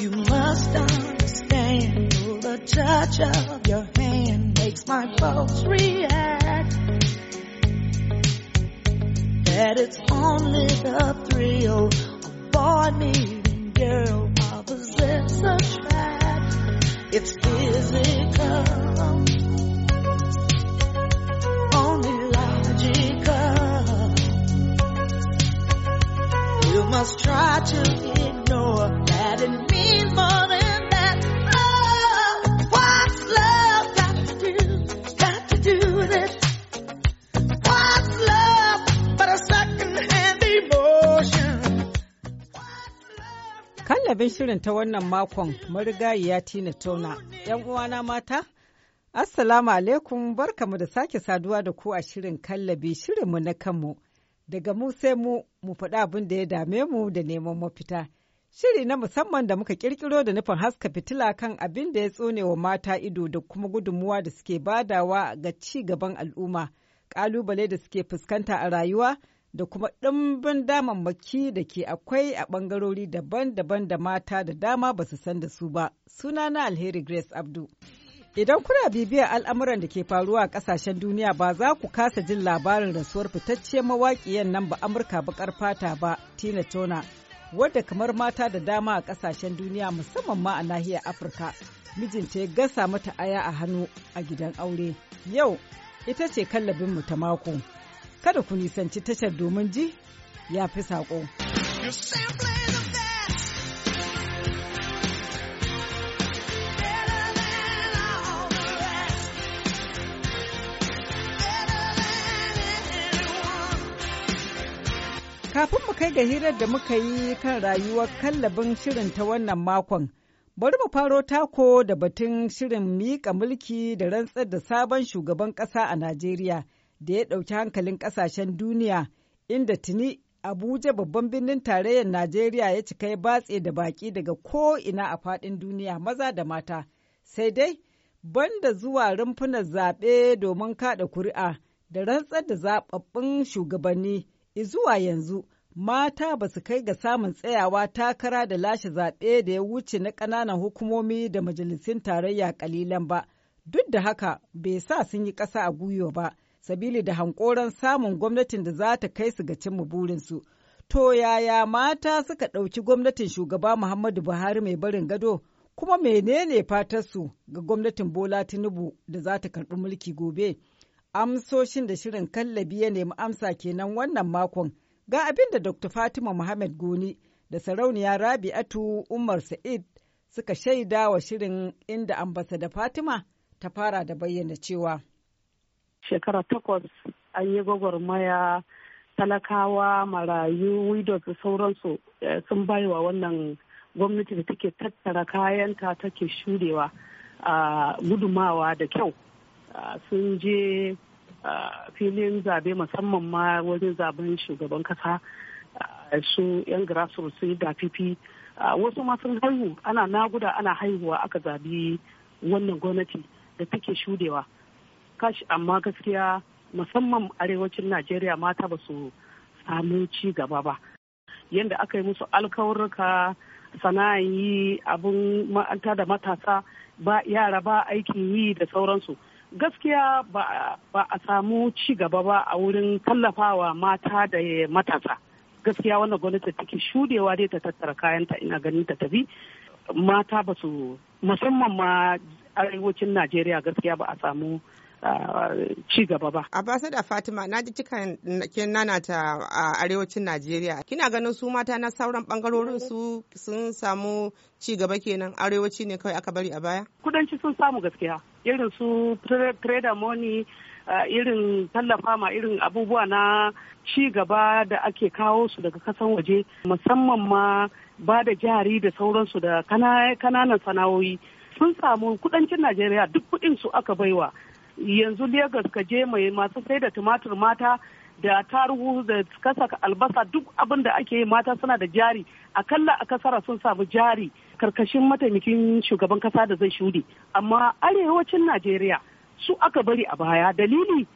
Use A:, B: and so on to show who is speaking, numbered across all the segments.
A: You must understand the touch of your hand makes my pulse react. That it's only the thrill of boy meeting girl opposites attract. It's physical. Only logical. You must try to
B: Kallabin shirin ta wannan makon marigayiya Tina Tona, ‘yan uwana mata? Assalamu alaikum barkamu da sake saduwa da ku a shirin kallabi shirinmu na kanmu. Daga mu sai mu mu faɗa abin da ya dame mu da neman mafita. Shiri na musamman da muka kirkiro da nufin haska fitila kan abin da ya tsone wa mata ido da kuma gudunmuwa da suke badawa ga ci gaban al'umma, ƙalubale da suke fuskanta a rayuwa da kuma ɗimbin damammaki da ke akwai a ɓangarori daban-daban da mata da dama ba su san da su ba. suna na Alheri Grace Abdu. Idan kuna bibiyar al'amuran da ke faruwa a ƙasashen duniya ba za ku kasa jin labarin rasuwar fitacce mawaƙiyan nan ba Amurka baƙar fata ba Tina Turner wadda kamar mata da dama a kasashen duniya musamman ma a nahiyar afirka mijinta ya gasa mata aya a hannu a gidan aure yau ita ce kallabinmu ta mako kada ku nisanci tashar domin ji ya fi saƙo. Kafin mu kai ga hirar da muka yi kan rayuwar kallabin shirin ta wannan makon, bari mu faro tako da batun shirin miƙa mulki da rantsar da sabon shugaban ƙasa a Najeriya da ya ɗauki hankalin ƙasashen duniya inda tuni Abuja babban birnin tarayyar Najeriya ya cika ya batse da baƙi daga ko'ina a faɗin duniya maza da mata, sai dai banda zuwa rumfunan zaɓe domin kaɗa kuri'a da rantsar da zaɓaɓɓun shugabanni. Izuwa yanzu, mata ba su kai ga samun tsayawa takara da lashe zaɓe da ya wuce na ƙananan hukumomi da majalisun tarayya ƙalilan ba, duk da haka bai sa sun yi ƙasa a gwiwa ba, sabili da hankoron samun gwamnatin da za ta kai su ga cimma burinsu. To yaya mata suka ɗauki gwamnatin shugaba Muhammadu Buhari mai barin gado, kuma menene fatarsu ga gwamnatin Bola Tinubu da za ta karɓi mulki gobe? amsoshin da shirin kallabi ya nemi amsa kenan wannan makon ga abin da dr fatima muhammad goni da sarauniya rabi'atu umar sa'id suka shaida wa shirin inda da fatima ta fara da bayyana cewa shekara takwas an yi gwagwarmaya
C: talakawa marayu widows da sauransu eh, sun baiwa wannan gwamnati da take tattara kayanta take shurewa ah, gudumawa da kyau sun je filin zabe musamman ma wajen zaben shugaban kasa su 'yan grassroots sun yi dafifi wasu ma sun haihu ana naguda ana haihuwa aka zabi wannan gwamnati da take shudewa kashi amma gaskiya musamman arewacin najeriya mata ba su samu ci gaba ba yadda aka yi musu alkawarruka sana'an yi abin ma'anta da matasa ba yara ba aikin yi da sauransu gaskiya ba a samu ci gaba ba a wurin tallafawa mata da matasa gaskiya wannan gwamnati take shudewa dai ta tattara kayanta ina ganin ta tafi
D: mata ba su musamman ma arewacin najeriya gaskiya ba a samu ci gaba ba. da Fatima na ji cikan kin ta a arewacin Najeriya. Kina ganin su mata na sauran bangarorin su sun samu ci gaba kenan arewaci ne kawai aka bari a baya? Kudanci sun samu gaskiya. Irin su
C: trader money irin tallafa ma irin abubuwa na ci gaba da ake kawo su daga kasan waje musamman ma ba da jari da sauransu da kananan sana'o'i sun samu kudancin najeriya duk kudin su aka baiwa yanzu Legas ka je mai masu sai da tumatur mata da taruhu da kasa albasa duk abin da ake yi mata suna da jari akalla a kasara sun samu jari karkashin mataimakin shugaban kasa da zai shuɗe amma arewacin najeriya su aka bari a baya dalili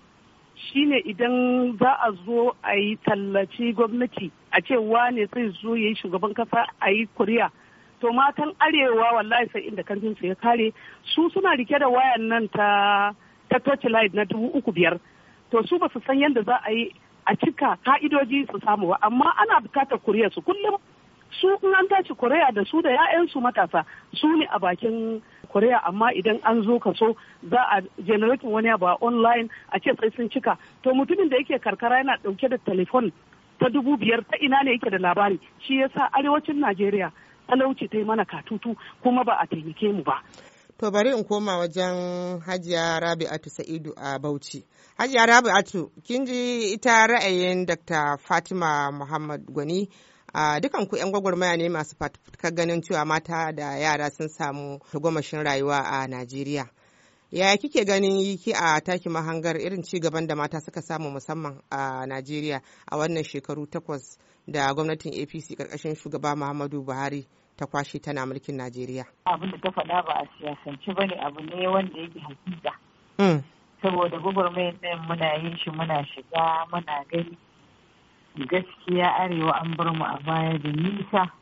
C: shine idan za a zo a yi tallaci gwamnati a ce ne zai zo ya yi shugaban kasa a yi kuriya to matan arewa wallahi sai inda karfinsu ya kare su suna rike da wayan nan ta ta light na dubu uku biyar to su basu san yadda za a yi a cika ka'idoji su samu ba amma ana bukatar kuriya su kullum su in an tashi kuriya da su da 'ya'yansu matasa su ne a bakin kuriya amma idan an zo kaso za a generating wani abu online a ce sai sun cika to mutumin da yake karkara yana dauke da telefon ta dubu biyar ta ina ne yake da labari shi yasa arewacin najeriya talauci ta yi mana
D: katutu kuma ba a taimake mu ba To bari in koma wajen Hajiya Rabi'atu Sa'idu a Bauchi. Hajiya Rabi'atu, kin ji ita ra'ayin Dr. Fatima Muhammad Gwani a dukan ku 'yan gwagwarmaya ne masu fatuka ganin cewa mata da yara sun samu tagomashin rayuwa a Najeriya. Yaya kike ganin ki a taki mahangar irin ci gaban da mata suka samu musamman a Najeriya a wannan shekaru takwas da gwamnatin APC karkashin shugaba Muhammadu Buhari ta kwashe tana mulkin
E: Najeriya. Abin da ta faɗa ba a siyasance ba ne abu ne wanda yake hakika. Hmm. Saboda gwagwarmayar ɗin muna yin shi muna shiga muna gani. Gaskiya arewa an bar mu a baya da nisa.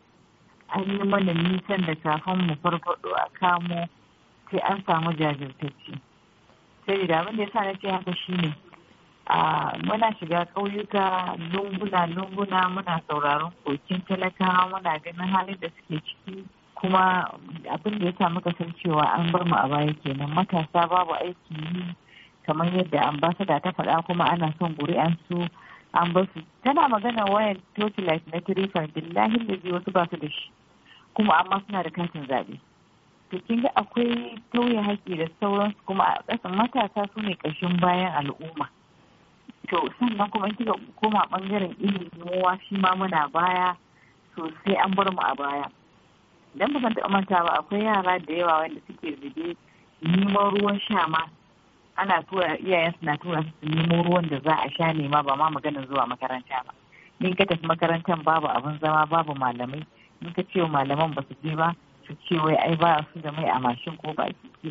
E: An yi mana nisan da kafin mu farfaɗo a kamo sai an samu jajirtacci. Sai da abin da ya sa na ce haka shine muna shiga ƙauyuka lunguna lunguna muna sauraron kokin talakawa muna ganin halin da suke ciki kuma abin da ya sa muka san cewa an bar mu a baya kenan matasa babu aiki yi kamar yadda ambasada ta faɗa kuma ana son su an bar su tana magana wayan tokilite na tirifar billahi da wasu ba su da shi kuma amma suna da katin zaɓe to kin ga akwai tauye haƙƙi da sauransu kuma a ƙasan matasa su ne ƙashin bayan al'umma to sannan kuma kika koma bangaren ilimin noma shi ma muna baya sosai an bar mu a baya Idan ba zan taɓa manta ba akwai yara da yawa wanda suke zube neman ruwan sha ma ana tura iyayensu na tura su neman ruwan da za a sha nema ba ma maganin zuwa makaranta ba in ka tafi makarantar babu abin zama babu malamai in ka ce malaman ba su je ba su ce wai ai ba su da mai a mashin ko ba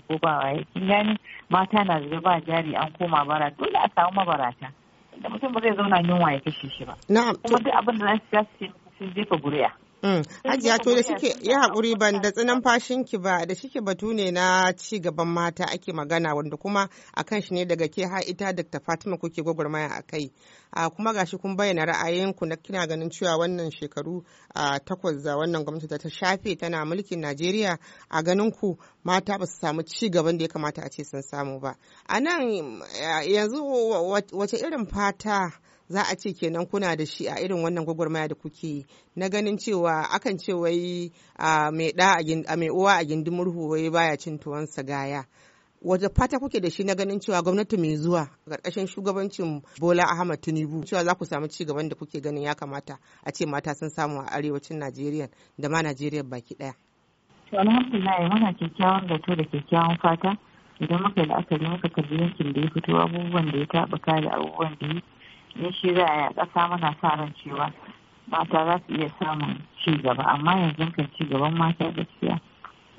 E: ko ba waye kin gani mata na zube ba jari an koma bara dole a samu mabarata da mutum ba zai zauna yunwa ya kashe shi ba kuma duk abin da za su sun jefa guriya
D: mm. Hajiya to da shike
E: ya haƙuri ban
D: da tsinan fashin ki ba da shike batu ne na ci gaban mata ake magana wanda kuma akan shi ne daga ke ha ita Dr. Fatima kuke gwagwarmaya a kai. a kuma gashi kun bayyana ra'ayinku na kina ganin cewa wannan shekaru a takwas da wannan gwamnati ta shafe tana mulkin najeriya a ganin ku mata ba su samu ci gaban da ya kamata a ce sun samu ba a nan yanzu wace irin fata za a ce kenan kuna da shi a irin wannan gwagwarmaya da kuke yi na ganin cewa akan ce wai mai uwa a gindin murhu wai baya cin tuwon gaya waje fata kuke da shi na ganin cewa gwamnati mai zuwa ƙarƙashin shugabancin bola ahmad tinubu cewa za ku samu cigaban da kuke ganin ya kamata a ce mata sun samu a arewacin najeriya da ma najeriya baki ɗaya.
E: to alhamdulillah muna kyakkyawan zato da kyakkyawan fata idan muka yi la'akari muka kalli yankin da ya fito abubuwan da ya taɓa kare abubuwan da ya ne shi za a ƙasa muna sa ran cewa mata za su iya samun ci gaba amma yanzu kan ci gaban mata gaskiya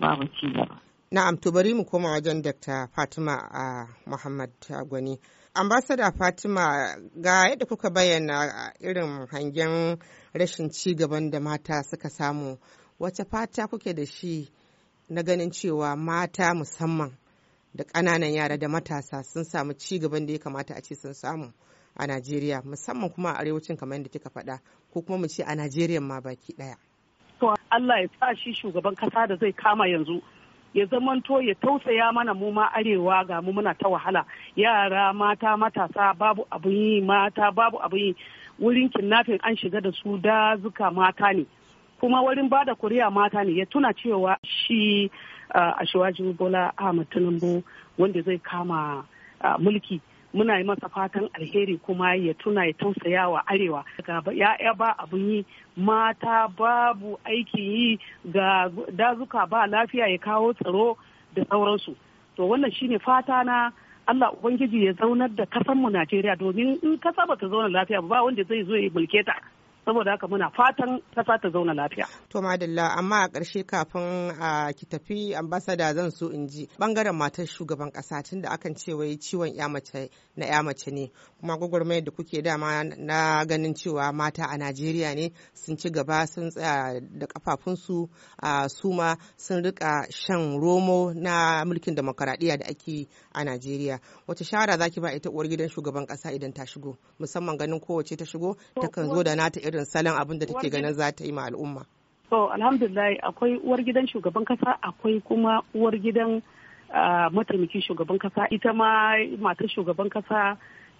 E: babu ci gaba
D: Na'am to bari mu koma wajen Dr. Fatima a Muhammad Gwani. Ambassador Fatima ga yadda kuka bayyana irin hangen rashin ci gaban da mata suka samu wace fata kuke da shi na ganin cewa mata musamman da ƙananan yara da matasa sun samu ci gaban da ya kamata a ce sun samu a Najeriya musamman kuma a arewacin kamar yadda kika faɗa ko kuma mu ce a Najeriya ma baki ɗaya. Allah ya sa shi shugaban ƙasa
C: da zai kama yanzu ya zamanto ya tausaya mana mu ma arewa ga mu muna ta wahala yara mata matasa babu abin yi mata babu abin yi wurin kidnapping an shiga da su dazuka mata ne kuma wurin bada kuriya mata ne ya tuna cewa shi uh, a bola ahmad tinubu wanda zai kama uh, mulki muna yi masa fatan alheri kuma ya tuna ya tausaya wa arewa ga ya'ya ba abun yi mata babu aiki yi ga dazuka ba lafiya ya kawo tsaro da sauransu to wannan shine fata na Allah Ubangiji ya zaunar da kasar mu Najeriya domin in kasa ba ta zauna lafiya ba wanda zai zo ya mulke ta
D: saboda haka muna fatan kasa ta zauna lafiya. To madalla amma a ƙarshe kafin a ki tafi ambasada zan so in ji bangaren matar shugaban ƙasa tun da akan ce wai ciwon ya mace na ya mace ne kuma gwagwarmayar da kuke dama na ganin cewa mata a Najeriya ne sun ci gaba sun tsaya da kafafunsu a suma sun rika shan romo na mulkin demokaradiyya da ake a Najeriya. Wace shawara zaki ba ita uwar gidan shugaban ƙasa idan ta shigo musamman ganin kowace ta shigo takan zo da nata irin irin salon abin da take ganin za ta yi ma al'umma to alhamdulillah akwai uwar gidan
C: shugaban kasa akwai kuma uwar gidan mataimakin shugaban kasa ita ma matar shugaban kasa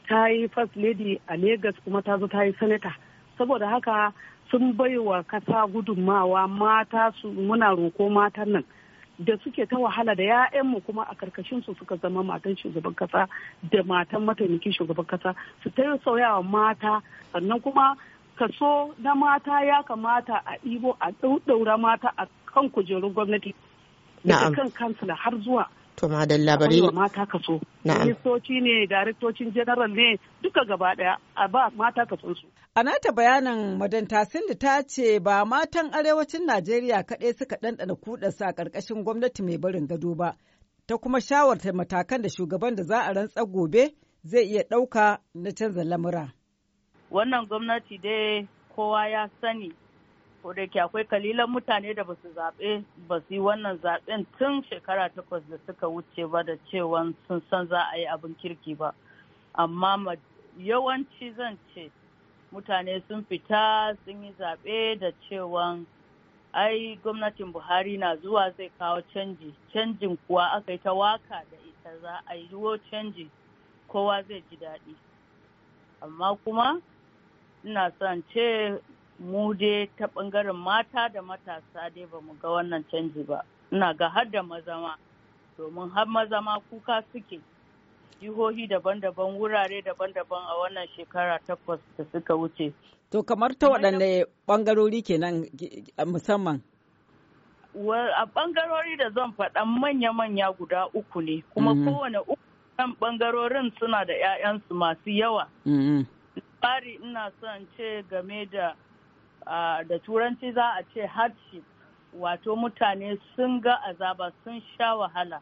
C: ta yi first lady a lagos kuma ta zo ta yi senator saboda haka sun baiwa kasa gudunmawa mata su muna roko matan nan da suke ta wahala da 'ya'yanmu kuma a karkashin su suka zama matan shugaban kasa da matan mataimakin shugaban kasa su ta yi sauyawa mata sannan kuma kaso na mata ya kamata a ibo a ɗaura mata a kan kujerun gwamnati daga kan kansila har zuwa
D: to madalla bari mata kaso
B: ministoci ne daraktocin general ne duka gaba daya a ba mata kaso su a nata bayanin madan tasinda ta ce ba matan arewacin najeriya kaɗai suka ɗanɗana kuɗarsa a ƙarƙashin gwamnati mai barin gado ba ta kuma shawarta matakan da shugaban da za a rantsa gobe zai iya ɗauka na canza lamura
F: wannan gwamnati dai kowa ya sani ko da ke akwai kalilan mutane da basu zaɓe ba su yi wannan zaɓen tun shekara takwas da suka wuce ba da cewa sun san za a yi abin kirki ba amma yawanci zan ce mutane sun fita sun yi zaɓe da cewa ai gwamnatin buhari na zuwa zai kawo canji canjin kuwa aka yi ta waka da ita za a yi canji kowa zai ji daɗi amma kuma ina son ce mu dai ta ɓangaren mata da matasa dai ba mu ga wannan canji ba ina ga har da maza domin har mazama kuka suke jihohi daban-daban wurare daban-daban a wannan shekara takwas da suka wuce to
B: kamar ta bangarori ɓangarori kenan musamman
F: a bangarori da zan faɗa manya-manya guda uku ne kuma mm-hmm. kowane uku kan ɓangarorin suna da 'ya'yansu masu yawa mm-hmm. mari ina son ce game da da turanci za a ce hardship wato mutane sun ga azaba sun sha wahala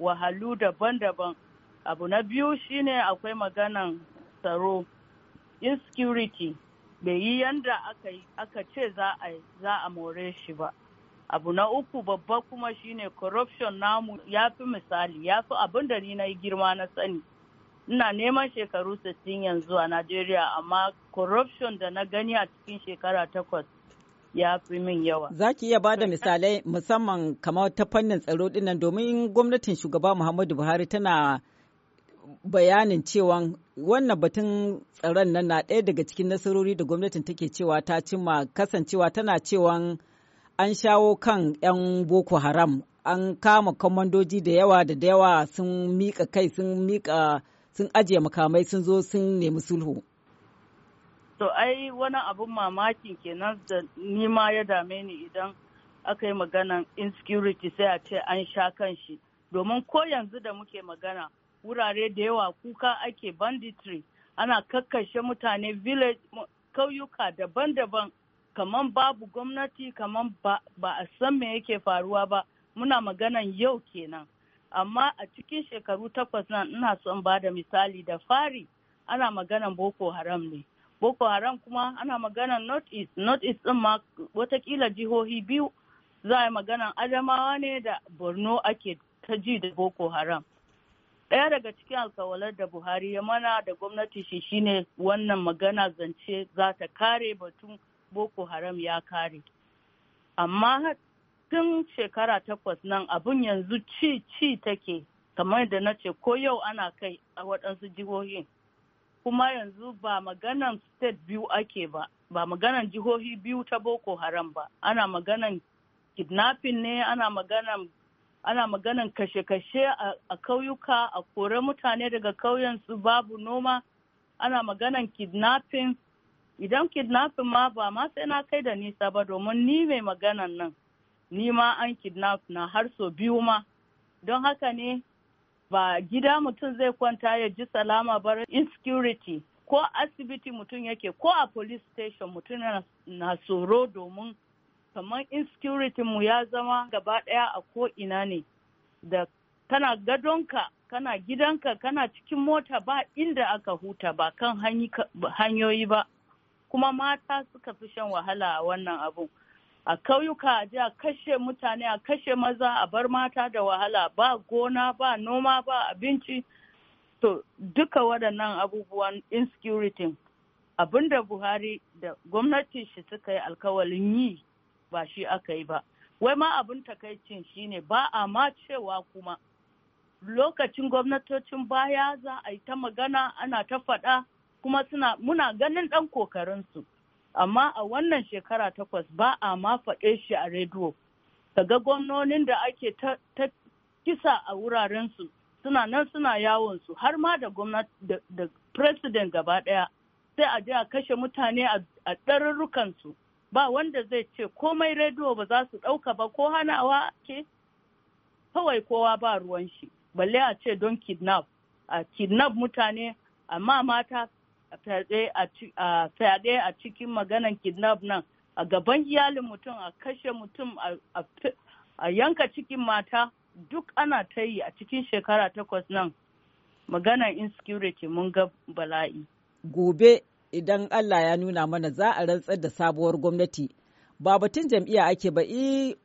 F: wahalu daban-daban abu na biyu shine akwai maganan tsaro insecurity bai yi yanda aka ce za a more shi ba abu na uku babba kuma shine corruption namu ya fi misali ya fi abin da ni na yi girma na sani ina neman shekaru 60 yanzu a Najeriya amma corruption da na gani a cikin shekara takwas
B: ya fi min yawa. Za ki iya da misalai musamman kamar ta fannin tsaro dinnan domin gwamnatin shugaba Muhammadu Buhari tana bayanin cewa wannan batun tsaron nan na ɗaya daga cikin nasarori da gwamnatin take cewa ta cimma kasancewa tana cewa an shawo kan 'yan boko haram an kama kwamandoji da yawa da yawa sun mika kai sun mika sun ajiye makamai sun zo sun nemi sulhu.
F: To ai wani abin mamakin kenan da nima ya dame ni idan aka yi maganan insecurity sai a ce an sha kan shi. Domin ko yanzu da muke magana wurare da yawa kuka ake banditry ana kakkashe mutane village kauyuka daban-daban kamar babu gwamnati kamar ba a san me yake faruwa ba muna maganan yau kenan. amma a cikin shekaru takwas nan ina son ba da misali da fari ana maganan boko haram ne boko haram kuma ana maganan north east north east din ma watakila jihohi biyu za a maganan adamawa ne da borno ake ta ji da boko haram ɗaya daga cikin alkawalar da buhari ya mana da gwamnati shi shine wannan magana zance za ta kare batun boko haram ya kare amma tun shekara takwas nan abun yanzu ci ci take kamar da na ce ko yau ana kai a waɗansu jihohi kuma yanzu ba maganan state biyu ake ba ba maganan jihohi biyu ta boko haram ba ana maganan kidnapping ne ana maganan ana maganan kashe-kashe a kauyuka a kore mutane daga kauyen su babu noma ana maganan kidnapping idan kidnapping ma ba ma sai na kai da nisa ba domin ni mai maganan nan ni ma an kidnap na har so biyu ma don haka ne ba gida mutum zai kwanta ya ji salama ba insecurity ko asibiti mutum yake ko a police station mutum na tsoro domin kamar insecurity mu ya zama gaba daya a ko ina ne da kana gadonka kana gidanka kana cikin mota ba inda aka huta ba kan hanyoyi ba kuma mata suka fi shan wahala a wannan abun. a kauyuka a ji a kashe mutane a kashe maza a bar mata da wahala ba gona ba noma ba abinci to duka waɗannan abubuwan insecurity abinda buhari da gwamnati shi suka yi alkawalin yi ba shi aka yi ba wai ma abin takaicin shine ba a ma cewa kuma lokacin gwamnatocin baya za a yi ta magana ana ta faɗa kuma suna muna ganin ɗan kokarinsu amma a wannan shekara takwas ba a ma faɗe shi a rediyo kaga gwamnonin da ake ta kisa a wurarensu suna nan suna yawon su. har ma da gwamnati da president gaba ɗaya sai a je a kashe mutane a ɗarurrukansu ba wanda zai ce komai rediyo ba za su ɗauka ba ko hanawa ke kawai kowa ba ruwan shi balle a ce don kidnap a kidnap mutane amma mata fyaɗe a cikin maganan kidnap nan a gaban iyalin mutum a kashe mutum a yanka cikin mata duk ana ta yi a cikin shekara takwas nan maganan
B: insecurity mun ga bala'i. Gobe idan Allah ya nuna mana za a rantsar da sabuwar gwamnati ba batun jam'iyya ake ba i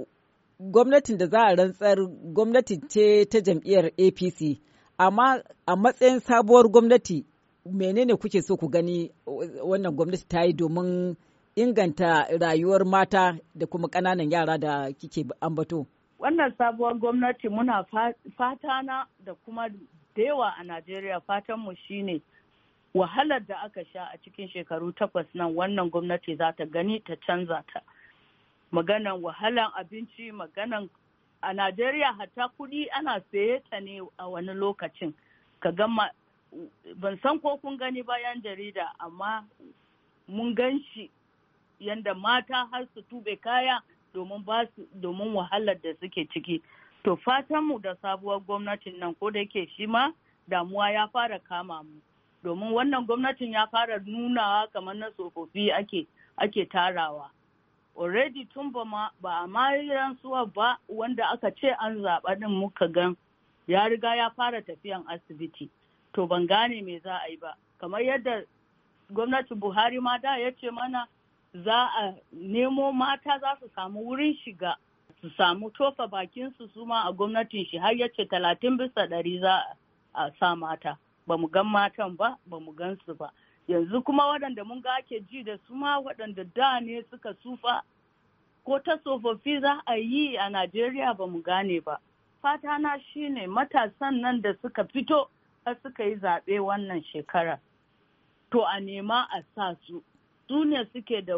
B: gwamnatin da za a rantsar gwamnati ce ta jam'iyyar apc amma a matsayin sabuwar gwamnati menene kuke so ku gani wannan gwamnati ta yi domin inganta rayuwar mata da kuma ƙananan yara da kike ambato?
F: Wannan sabuwar gwamnati muna fatana da kuma da a Najeriya fatanmu shine wahalar da aka sha a cikin shekaru takwas nan wannan gwamnati za ta gani ta canza ta. Maganan wahalan abinci, maganan a Najeriya hatta kudi ana saye ta ne a wani lokacin. Ka gama ban san ko kun gani bayan jarida amma mun gan shi yadda mata har su tube kaya domin wahalar da suke ciki to fatanmu da sabuwar gwamnatin nan ko da yake shi ma damuwa ya fara kama mu domin wannan gwamnatin ya fara nunawa kamar na tsofaffi ake ake tarawa already tun ba a ma suwa ba wanda aka ce an zaɓa din muka gan ya riga ya fara tafiyan asibiti to ban gane me za a yi ba kamar yadda gwamnatin buhari ma da ya ce mana za a nemo mata za su samu wurin shiga su samu tofa bakinsu su ma a gwamnatin shi har yace talatin bisa ɗari za a sa mata ba mu gan matan ba ba mu gan su ba yanzu kuma waɗanda mun ga ake ji da su ma waɗanda da ne suka tsufa ko ta tsofaffi za a yi a najeriya ba mu gane ba fata na shine matasan nan da suka fito suka yi zaɓe wannan shekara to a nema a sa su duniya suke da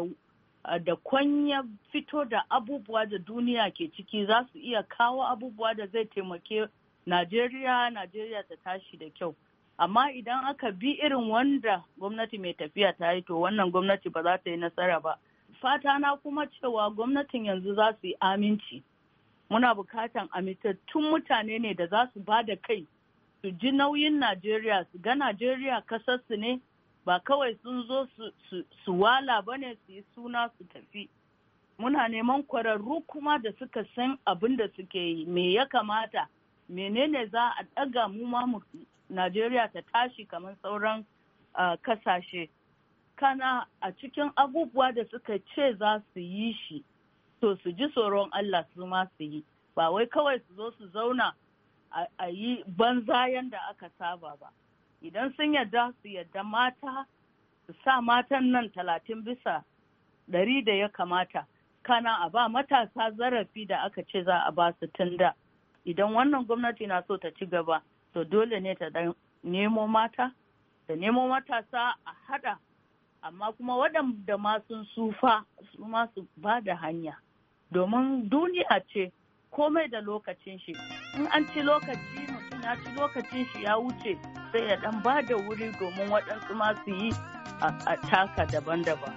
F: da kwanya fito da abubuwa da duniya ke ciki za su iya kawo abubuwa da zai taimake najeriya najeriya ta tashi da kyau amma idan aka bi irin wanda gwamnati mai tafiya ta yi to wannan gwamnati ba za ta yi nasara ba fata na kuma cewa gwamnatin yanzu za su yi aminci muna bukatan amintattun mutane ne da za su ba da kai su ji nauyin Najeriya su ga Najeriya kasarsu ne ba kawai sun zo su wala ba ne su yi suna su tafi. Muna neman kwararru kuma da suka san abin da suke yi me ya kamata menene za a ɗaga mu ma Najeriya ta tashi kamar sauran kasashe. Kana a cikin abubuwa da suka ce za su yi shi to su ji tsoron Allah su ma su yi ba wai kawai su zo su zauna a yi banza yadda aka saba ba idan sun yadda su yadda mata su sa matan nan talatin bisa ɗari da ya kamata kana a ba matasa zarafi da aka ce za a ba su tun da idan wannan gwamnati na so ta ci gaba to dole ne ta dan nemo mata da nemo matasa a hada amma kuma waɗanda masu sun sufa su ma su ba da hanya domin duniya ce komai da lokacin shi. in an ci lokaci mutum ya ci lokacin shi ya wuce sai ya dan ba da wuri domin waɗansu masu yi a taka daban-daban.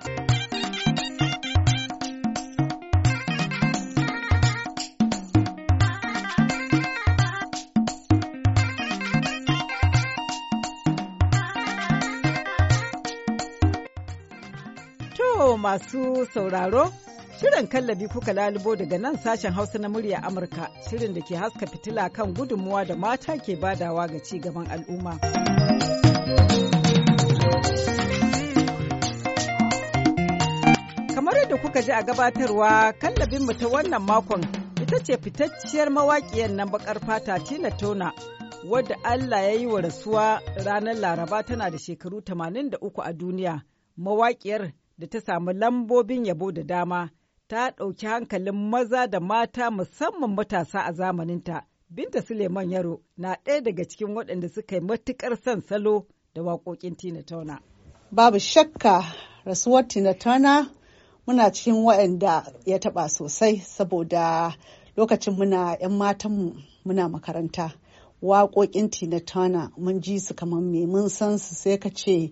B: To masu sauraro Shirin kallabi kuka lalubo daga nan sashen Hausa na murya Amurka, shirin da ke haska fitila kan gudunmuwa da mata ke badawa ga ci gaban al'umma. Kamar yadda kuka ji a gabatarwa, kallabinmu ta wannan makon ita ce fitacciyar mawaƙiyar nan baƙar fata Tina Tona, wadda Allah ya yi wa rasuwa ranar Laraba tana da shekaru 83 a duniya, mawaƙiyar da ta samu lambobin yabo da dama. ta ɗauki hankalin maza da mata musamman matasa a zamaninta. Binta Suleiman Yaro na ɗaya daga cikin waɗanda suka yi matuƙar son salo da waƙoƙin Tina Tauna. Babu shakka rasuwar Tina Tauna
A: muna cikin waɗanda ya taɓa sosai saboda lokacin muna 'yan matanmu muna makaranta. waƙoƙin Tina Turner mun ji su kamar me mun san su sai ka ce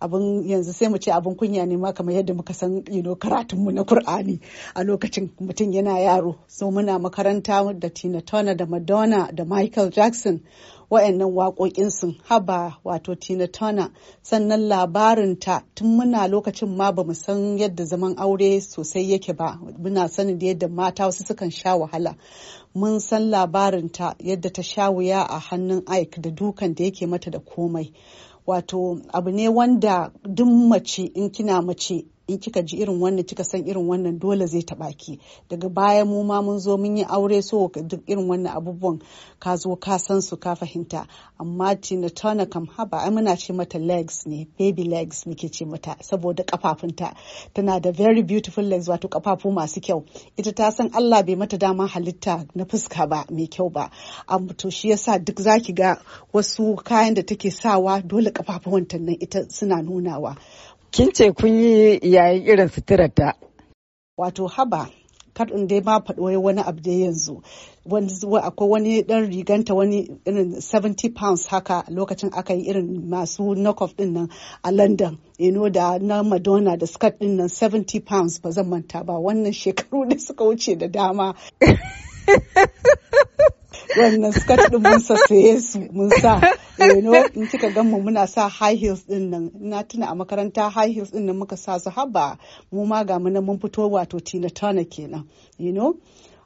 A: abin yanzu sai mu ce abin kunya ne ma kamar yadda muka san you know, mu na Kur'ani a lokacin mutum yana yaro so muna makaranta da Tina Turner da Madonna da Michael Jackson wa'annan waƙoƙin sun haba wato Tina Turner sannan labarinta tun muna lokacin ma bamu san yadda zaman aure sosai yake ba muna sanin da yadda mata wasu sukan sha wahala mun san labarinta yadda ta sha wuya a hannun Ike da dukan da yake mata da komai wato abu ne wanda duk mace in kina mace in kika ji irin wannan kika san irin wannan dole zai taba ki daga baya mu ma mun zo mun yi aure so duk irin wannan abubuwan ka zo ka san su ka fahimta amma Tina Turner kam haba ai muna ce mata legs ne baby legs muke ce mata saboda kafafunta tana da very beautiful legs wato kafafu masu kyau ita ta san Allah bai mata dama halitta na fuska ba mai kyau ba amma to shi yasa duk zaki ga wasu kayan da take sawa dole kafafuwan nan ita suna nunawa Kin ce kun yi yayin irin
B: suturarta.
A: Wato haba kar in dai ma faɗi wani abu da yanzu akwai wani ɗan riganta wani irin 70 pounds haka lokacin aka yi irin masu knock-off din nan a london ino da na madonna da skirt din nan 70 pounds ba zan manta ba wannan shekaru da suka wuce da dama wannan skirt din mun saye su mun sa eno eh, in kika gan mu muna sa high heels din nan na tuna a makaranta high heels din nan muka sa su haba mu ma ga mu mun fito wato Tina Turner kenan you know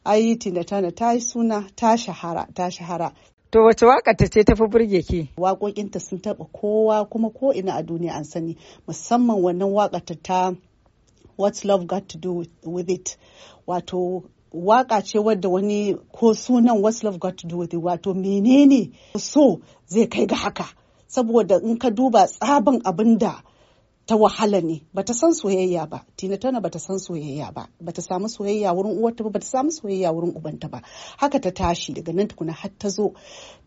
A: ai Tina Turner ta yi suna ta shahara ta shahara To wace waka ta ce tafi burge ki? Waƙoƙinta sun taɓa kowa kuma ko ina a duniya an sani musamman wannan waƙa ta What's Love Got to Do With It wato waka ce wadda wani ko sunan what's love got to do with it wato menene so zai kai ga haka saboda in ka duba tsabin abin da ta wahala ne bata san soyayya ba tina tana bata san soyayya ba bata samu soyayya wurin uwarta ba bata samu soyayya wurin ubanta ba haka ta tashi daga nan tukuna har ta zo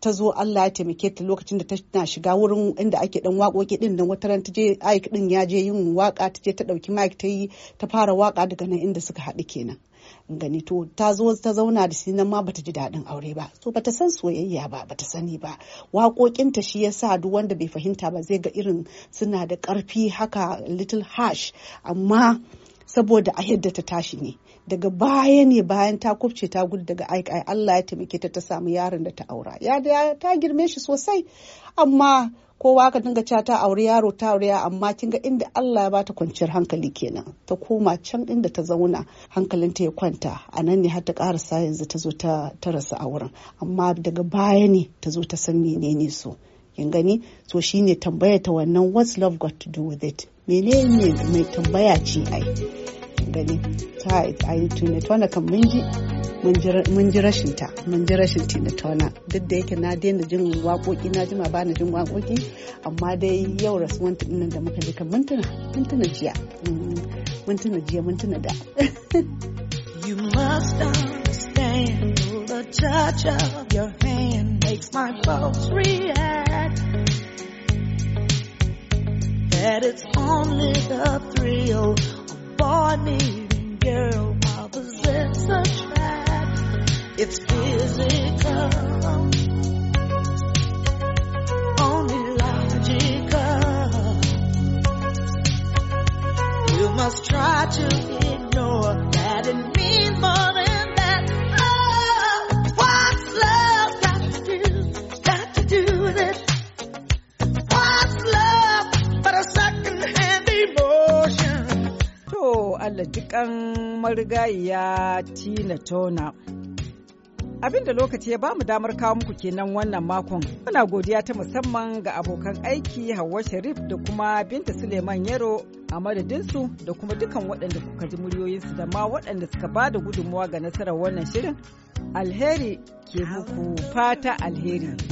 A: ta zo Allah ya taimake ta lokacin da tana shiga wurin inda ake dan waƙoƙi din nan wata ran ta je Ike din ya je yin waka ta je ta dauki mic ta yi ta fara waka daga nan inda suka haɗu kenan gani to ta zo ta zauna da shi nan ma bata ji daɗin aure ba so bata san soyayya ba bata sani ba waƙoƙinta shi yasa duk wanda bai fahimta ba zai ga irin suna da ƙarfi haka little harsh amma saboda a yadda ta tashi ne daga baya ne bayan ta kubce ta gudu daga aikai Allah ya taimake ta ta samu yaron da ta aura ya ta girme shi sosai amma kowa ka dinga cewa ta aure yaro ta aure amma kin ga inda Allah ya bata kwanciyar hankali kenan ta koma can inda ta zauna hankalinta ya kwanta a nan ne har ta karasa yanzu ta zo ta rasa auren amma daga baya ne ta zo ta san menene so kin gani so shine tambaya ta wannan what's love got to do with it menene mai tambaya ce ai dare ta a yi tinatona kan mun ji mun ji rashin ta mun ji rashin tinatona duk da yake na daina jin waƙoƙi na jima ba na jin waƙoƙi amma dai yau rasuwan nan da muka ji kan mintuna mintuna jiya mintuna mm, jiya mintuna da You must understand the touch of your hand makes my folks react. That it's only the thrill boy needing girl represents a trap. It's physical, only logical. You must try to ignore.
B: mawakan marigayiya Tina Tona Abinda lokaci ya bamu damar kawo muku kenan wannan makon. Muna godiya ta musamman ga abokan aiki Hauwa Sharif da kuma Binta Suleiman Yaro a madadinsu da kuma dukan waɗanda kuka ji muryoyinsu da ma waɗanda suka ba da gudunmawa ga nasarar wannan shirin. Alheri ke muku fata alheri.